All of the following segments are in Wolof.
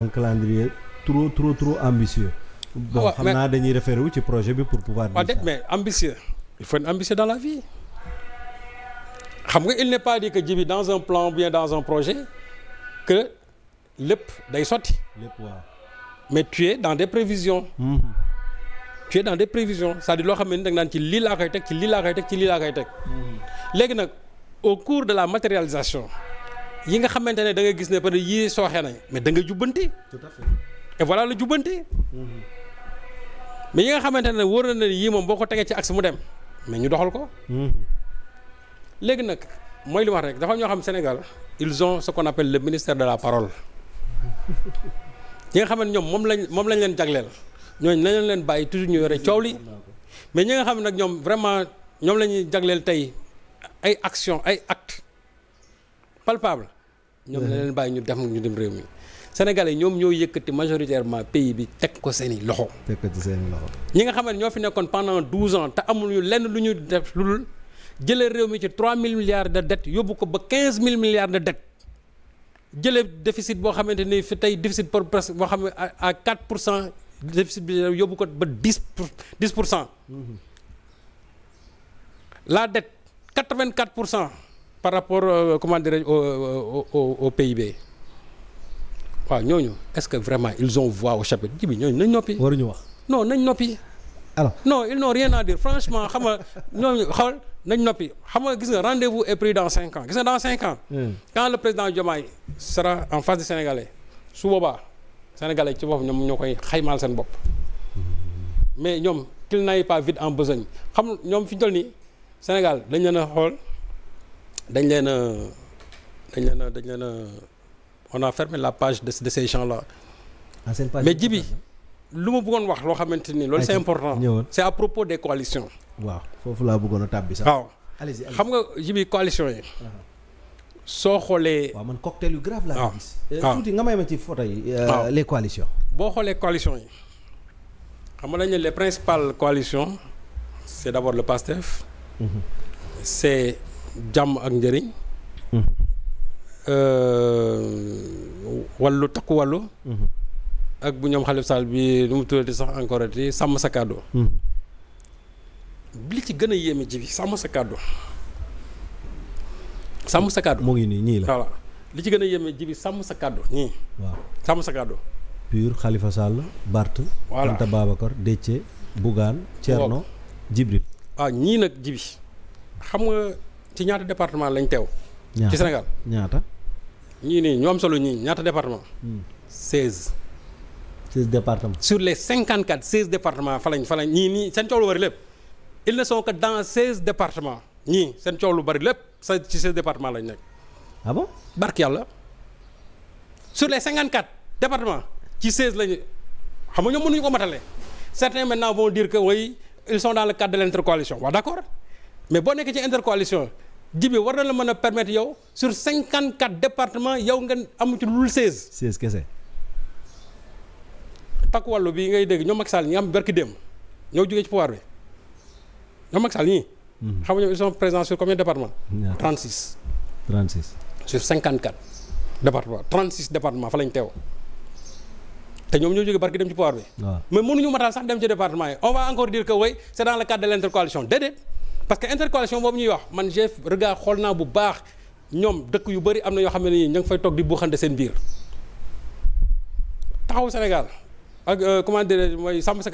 un calendrier trop trop trop ambitieux. bon ah xam naa dañuy référé wu ci projet bi pour pouvoir. waaw ah, déet mais ambitieux il faut être ambitieux dans la vie xam nga il n'est pas dit que jibi dans un plan ou bien dans un projet que lépp day sotti. lépp waaw mais tu dans des prévisions. Mmh. tu es dans des loo xam ne da nga naan ci lii laa koy teg ci lii laa koy teg ci lii laa koy teg. Mhm. léegi nag au cours de la matérialisation. yi nga xamante ne da nga gis ne peut-être sooxee nañ mais da nga jubbanti. et voilà la jubbanti. mais yi nga xamante ne wóor na ne yii moom boo ko tegee ci axe mu dem mais ñu doxal ko. Hmm. léegi nag mooy li wax rek dafa ñoo xam Sénégal il son ce qu'on appelle le ministère de la parole ñi nga xam ne ñoom moom lañ moom lañ leen jagleel ñooñ nañu leen bàyyi toujours ñu yore coow li mais ñi nga xam ne nag ñoom vraiment ñoom la ñuy jagleel tey ay action ay acte palpable ñoom leen bàyyi ñu def ñu dem réew mi yi ñoom ñoo yëkkati majoritairement pays bi teg ko seeni loxo. teg ko ñi nga xaman ñoo fi nekkoon pendant douze ans te amuñu lenn lu ñu def lu dul jële réew mi ci trois mille milliards de dettes yóbbu ko ba quinze mille milliards de dettes jëlee déficit boo xamante ni fi tey déficit pour presque boo xam ne à quatre pour cent déficit bi yóbbu ko ba dix pour dix pour cent. Mm-hmm. la dette quatre vingt quatre pour cent. par rapport euh, comment euh, au au au waaw ñooñu est-ce que vraiment ils ont voix au chapitre ji bi ñooñu nañ noppi. waruñu wax non nañ noppi. alors non ils n'ont rien à dire franchement xam nga ñooñu xool nañ noppi xam nga gis nga rendez-vous dans cinq ans gis nga dans cinq ans. Hmm. quand le président Diomaye sera en face des Sénégalais su boobaa Sénégalais ci boppam ñoom ñoo koy xaymaal seen bopp mais ñoom qu'il n'aille pas vite en besogne xam ñoom fi ñu toll nii Sénégal dañ leen a xool. dañ leen dañ leen a dañ leen a on a fermé la page de de ces gens là. ah seen mais jibi lu ma bëggoon wax loo xamante ni loolu c'est important. c'est à propos de coalitions. waaw foofu laa bëggoon a tàbbi sax. waaw xam nga jibi coalition yi. Ah. soo xoolee. waaw man cocktail yu grave laa ah. gis. waaw eh, ah. tuuti nga may ma ci photo yi. Euh, les coalitions. boo xoolee coalition yi xam nga dañ ne les principales coalitions c'est d'abord le PASTEF. Mhm. c'est jàmm ak njëriñ mm-hmm. euh, wàllu takku wàllu mm-hmm. ak bu ñoom xalif Sall bi nu mu tuddati sax encore ti sàmm sa kàddu mm-hmm. li ci gën a yéeme ji sàmm sa kàddu moo ngi nii ñii li ci gën a yéeme ji sàmm sa kàddu sàmm sa kàddu pur xalifa Sall Bart voilà Anta Babacar Déthié Bougane Thierno Jibril ah, ñii nag jibi xam ci ñaata département lañu teew. ci Sénégal ñaata. ñii nii ñu am solo ñii ñaata département. 16. Hmm. 16 département sur les 54 16 département fa lañ fa lañ ñii nii seen coow lu bari lépp. ils ne sont que dans 16 départements ñii seen coow lu bari lépp sa ci 16 département lañ nekk. ah bon yàlla. sur les 54 départements ci 16 lañu xam nga ñoom mënuñu ko matale. certains maintenant vont dire que oui ils sont dans le cadre de l' intercoalition waaw d' accord mais boo nekkee ci intercoalition. jibi war na la mën a permettre yow sur cinquante quatre départements yow nga amu ci lul seize. seize kese. pak wàllu bi ngay dégg ñoom Macky Sall ñi am barki démb ñoo jógee ci pouvoir bi ñoom Macky Sall ñii. Mhm. xam nga ñoom ils sont présents sur combien de départements. Yeah. 36. 36. sur 54 départements 36 départements fa lañ teew te ñoom ñoo jógee barki dem ci pouvoir bi. mais mënuñu matal sax dem ci département yi on va encore dire que way ouais, c' est parce que intercoalition boobu ñuy wax man j'ai regard xool naa bu baax ñoom dëkk yu bëri am na yoo xam ne nii ña ngi fay toog di buuxante seen biir taxawu Sénégal ak euh, comment mooy sàmm sa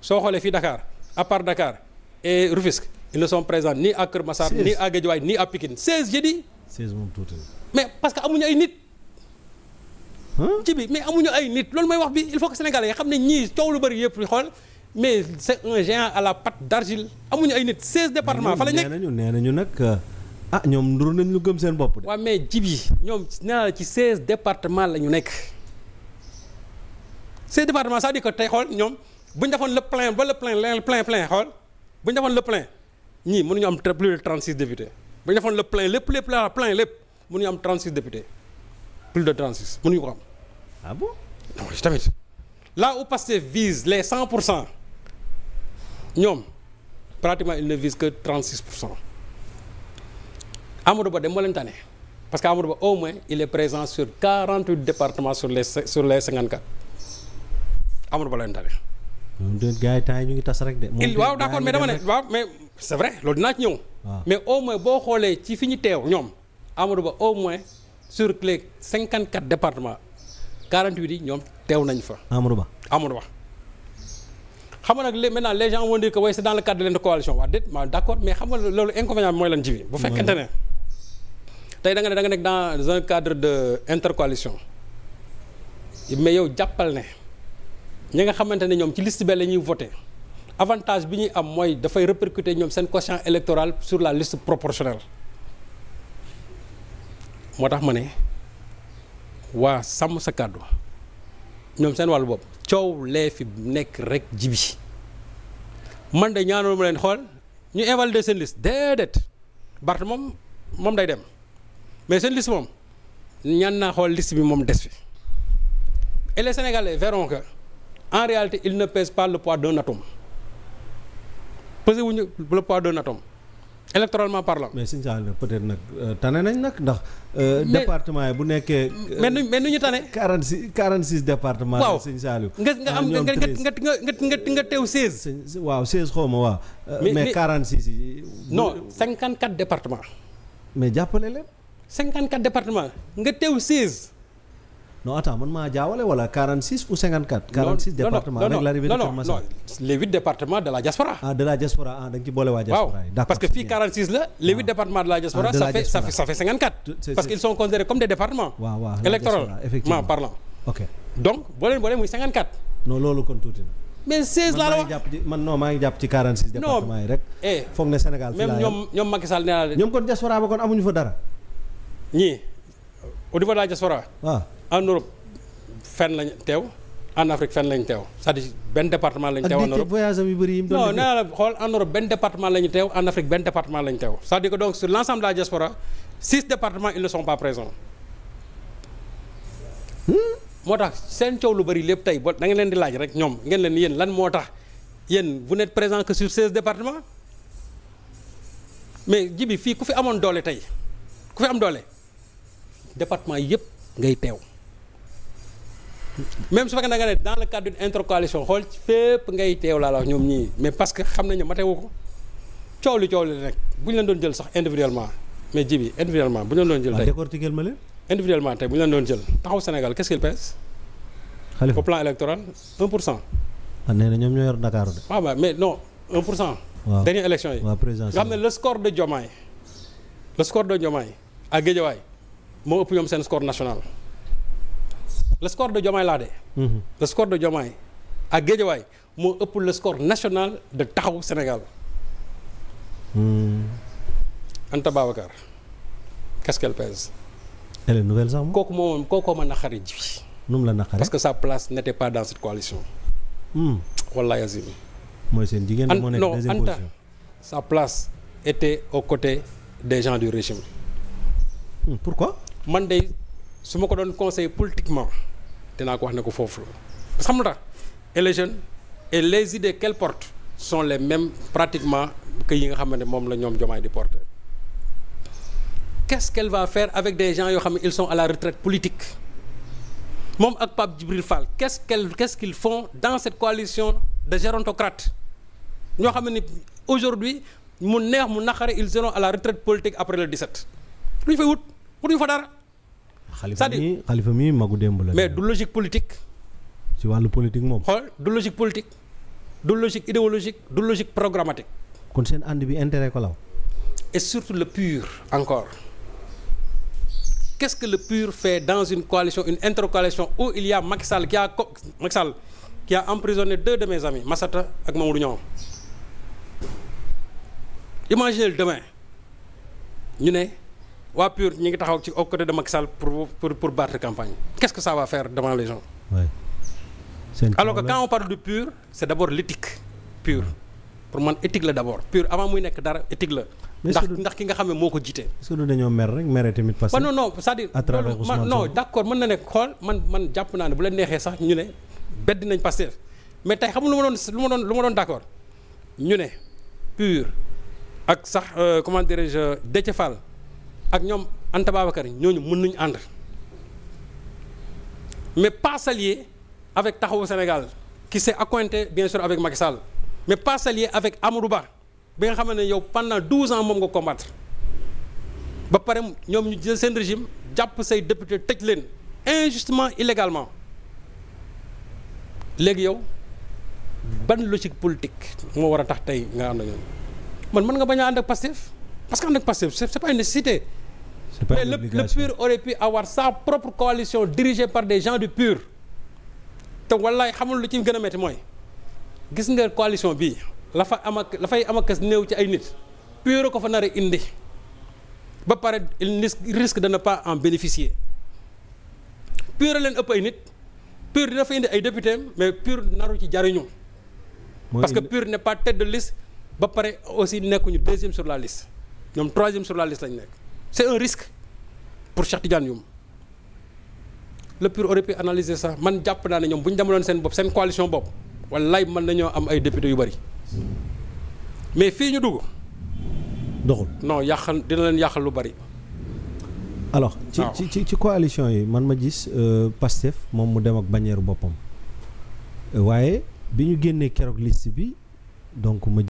soo xoolee fii Dakar à part Dakar et Rufisque ils ne sont présents ni Kër Massar ni à Guédiawaye ni à Pikine 16 j'ai dit 16 tuuti mais parce que amuñu ay nit ci bi mais amuñu ay nit loolu mooy wax bi il faut que sénégalais yi xam ne ñii coow lu bëri yëpp xool mais c' un géant à la patte d' argile amuñu ay nit seize départements. fa la nekk nee nañu nañu nag euh, ah ñoom ndur nañ lu gëm seen bopp de. waaw mais ji bi ñoom nee naa la ci seize départements la ñu nekk seize départements ça veut dire que tey xool ñoom bu ñu defoon le plein ba le plein le plein plein xool bu ñu defoon le plein ñii mënuñu am plus de trente six députés bu ñu defoon le plein lépp lépp la plein lépp mënuñu am trente six députés plus de trente six mënuñu ko am. ah bon non tamit là où Pastef vise les cent pour cent. ñoom pratiquement il ne vise que 36 pour cent Amadou Ba de moo leen tane parce que Amadou Ba au moins il est présent sur 48 départements sur les sur les 54 Amadou Ba leen tane. donc gars yi temps yi ñu ngi tas rek de. il waaw d'accord mais dama ne waaw mais c'est vrai loolu dinaa ci ñëw. Ah. mais au moins boo xoolee ci fi ñu teew ñoom Amadou Ba au moins sur les 54 départements 48 yi ñoom teew nañ fa. Amadou Ba Amadou Ba. xam nga nag léegi maintenant les gens vont dire c'est dans le cadre de l'intercoalition waa déet ma d'accord mais xam nga loolu inconvénient bi mooy lan ji bi bu fekkente ne tey da nga ne da nga nekk dans un cadre de intercoalition mais yow jàppal ne ñi nga xamante ne ñoom ci list bee la ñuy voté avantage bi ñuy am mooy dafay répercuter ñoom seen quotient électoral sur la liste proportionnelle moo tax ma ne waa sàmm sa kàddu ñoom seen wàllu bopp coow lee fi nekk rek jibi man de ñaanul ma leen xool ñu invalider seen liste déedéet Barth moom moom day dem mais seen liste moom ñaan naa xool liste bi moom des fi et les Sénégalais verront que en réalité ils ne pèsent pas le poids d'un atome pesé wuñu le poids d'un atome électoralement parlant. mais Sine Saalum peut-être nag euh, tane nañ nag ndax. Euh, département yi bu nekkee. Euh, mais nu mais nu ñu tane. 46 46 département. waaw Sine Saalum. nga nga am nga nga nga nga teew 16. waaw 16 xaw ma waaw. mais si yi. non 54 département. mais jàppale leen. 54 département nga teew 16. non attends man maa jaawale wala 46 ou 54. 46 départements avec l'arrivée de Keur Massar. non non les huit départements de la diaspora. ah de la diaspora ah da nga ci boole waa diaspora yi. d'accord parce que fii 46 la les huit ah. départements de la diaspora. Ah, ça fait ça fait ça fait 54. parce qu'ils sont considérés comme des départements. waaw waaw électoralement parlant. ok donc boo leen boolee muy 54. non loolu kon tuuti na. mais 16 laa la wax man non maa ngi jàpp ci 46 départements yi rek. Eh, foog ne Sénégal fi même ñoom ñoom Macky Sall nee naa la. ñoom kon diaspora ba kon amuñu fa dara. ñii au niveau de la diaspora. waaw. Ah. en Europe fenn lañ teew en Afrique fenn lañ teew c'est-à-dire benn département lañ teew en Europe yu bëri yi mu en Europe benn département lañu teew en Afrique benn département lañ teew sa à dire que donc sur l'ensemble de la diaspora six départements ils ne pas présents moo tax seen coow lu bëri lépp tey ba da ngeen leen di laaj rek ñoom ngeen leen yéen lan moo tax yéen vous n'êtes présent que sur seize départements mais ji bi fii ku fi amoon doole tey ku fi am doole département yëpp ngay teew même su fekkee da nga ne dans le cadre d'une intercoalition xool ci fépp ngay teew laa la ñoom ñii mais parce que xam nañu matewu ko coow bu ñu leen doon jël sax individuellement mais ji bi individuellement bu ñu leen doon jël. Ah, tey décortiquer ma leen. individuellement tey bu ñu leen doon jël taxaw pour cent. ah na ñoom ñoo yor Dakar de. Ah, mais non 1 pour cent. yi. président nga xam le score de Diomaye le score de Diomaye ak Guédiawaye moo ëpp ñoom seen score national. le score de Diomaye laa de. Mhm. le score de Diomaye à Guédiawaye moo ëpp le score national de Taxawu Sénégal. Mhm. Anta Babacar qu'est-ce qu'elle pèse. elle est nouvelle sax kooku moo kooku ma naqari ji. nu mu la naqaree parce que sa place n'était pas dans cette coalition. Hmm. wallaay azim. mooy seen jigéen moo nekk deuxième Anta sa place était aux côtés des gens du régime. Hmm, pourquoi. man de su ma ko doon conseil politiquement. dinaa ko wax ne ko foofu la parce que xam nga et les jeunes et les idées qu'elles porte son les mêmes pratiquement que yi nga ne moom la ñoom Diomaye di porter qu'est-ce qu'elle va faire avec des gens yoo xam ne ils son à la retraite politique moom ak Pape Djibril Fall qu'est-ce qu'elle qu'est-ce qu'ils font dans cette coalition de gérontocrates ñoo xam ne aujourd'hui mu neex mu naqare ils seront à la retraite politique après le 17 lu ñu fay wut wutuñu fa dara xalifa mi xalifa mi magu démb la. mais du logique politique. ci wàllu politique moom. xool du logique politique du logique idéologique du logique programmatique. kon seen ànd bi intérêt ko law. et surtout le pur encore. quest que le pur fait dans une coalition une intercoalition où il y a Macky Sall qui a co Macky Sall a emprisonné deux de mes amis Massata ak Mamadou Niang. imaginez demain ñu ne. waa PUR ñi ngi taxaw ci au côté de pour pour pour battre campagne qu'est-ce que ça va faire devant les gens. Ouais. alors parle du PUR c'est d'abord l'éthique PUR pour man éthique la d'abord PUR avant muy nekk dara éthique la. ndax ndax ki nga xam ne moo ko jiite. est-ce que du dañoo mer rek mere tamit. parce que non non c'est-à-dire. à mën na ne xool man man jàpp naa ne bu la neexee sax ñu ne bedd nañ Pastef mais tey xam lu ma doon lu ma doon lu ma doon d'accord ñu ne PUR ak sax euh, comment dirais-je Déthié ak ñoom Anta Babacar ñooñu mun nañu ànd mais pas s'allier avec Taxawu Sénégal qui s'est accointé bien sûr avec Macky mais pas s'allier avec Amadou Ba bi nga xam ne yow pendant douze ans moom nga combattre ba pare ñoom ñu jël seen régime jàpp say député tëj leen injustement illégalement léegi yow ban logique politique moo war a tax tey nga ànd ak ñoom man mën nga bañ a ànd ak Pastef parce que ànd ak Pastef c'est pas une nécessité mais le, le PUR aurait pu avoir sa propre coalition dirigée par des gens du PUR te wallaay xamul lu ci gën a métti mooy gis nga coalition bii la fa am ak la fay am ak néew ci ay nit PUR ko fa nar indi ba pare il risque de ne pas en bénéficier PUR a leen ëpp ay nit PUR dina fa indi ay député mais PUR naru ci jariñu parce que PUR n'est pas tête de ba pare aussi nekkuñu deuxième sur la liste ñoom troisième sur la liste lañ nekk c'est un risque pour Cheikh Tidiane Youm le PUR aurait pu analyser ça man jàpp naa ne ñoom bu ñu demaloon seen bopp seen coalition bopp wallaay mën nañoo am ay députés yu bari mais fii ñu dugg. doxul non yàqal dina leen yàqal lu bari alors ci ci ci coalition yi man ma gis euh, Pastef moom mu dem ak bannière boppam euh, waaye bi ñu génnee keroog liste bi donc ma.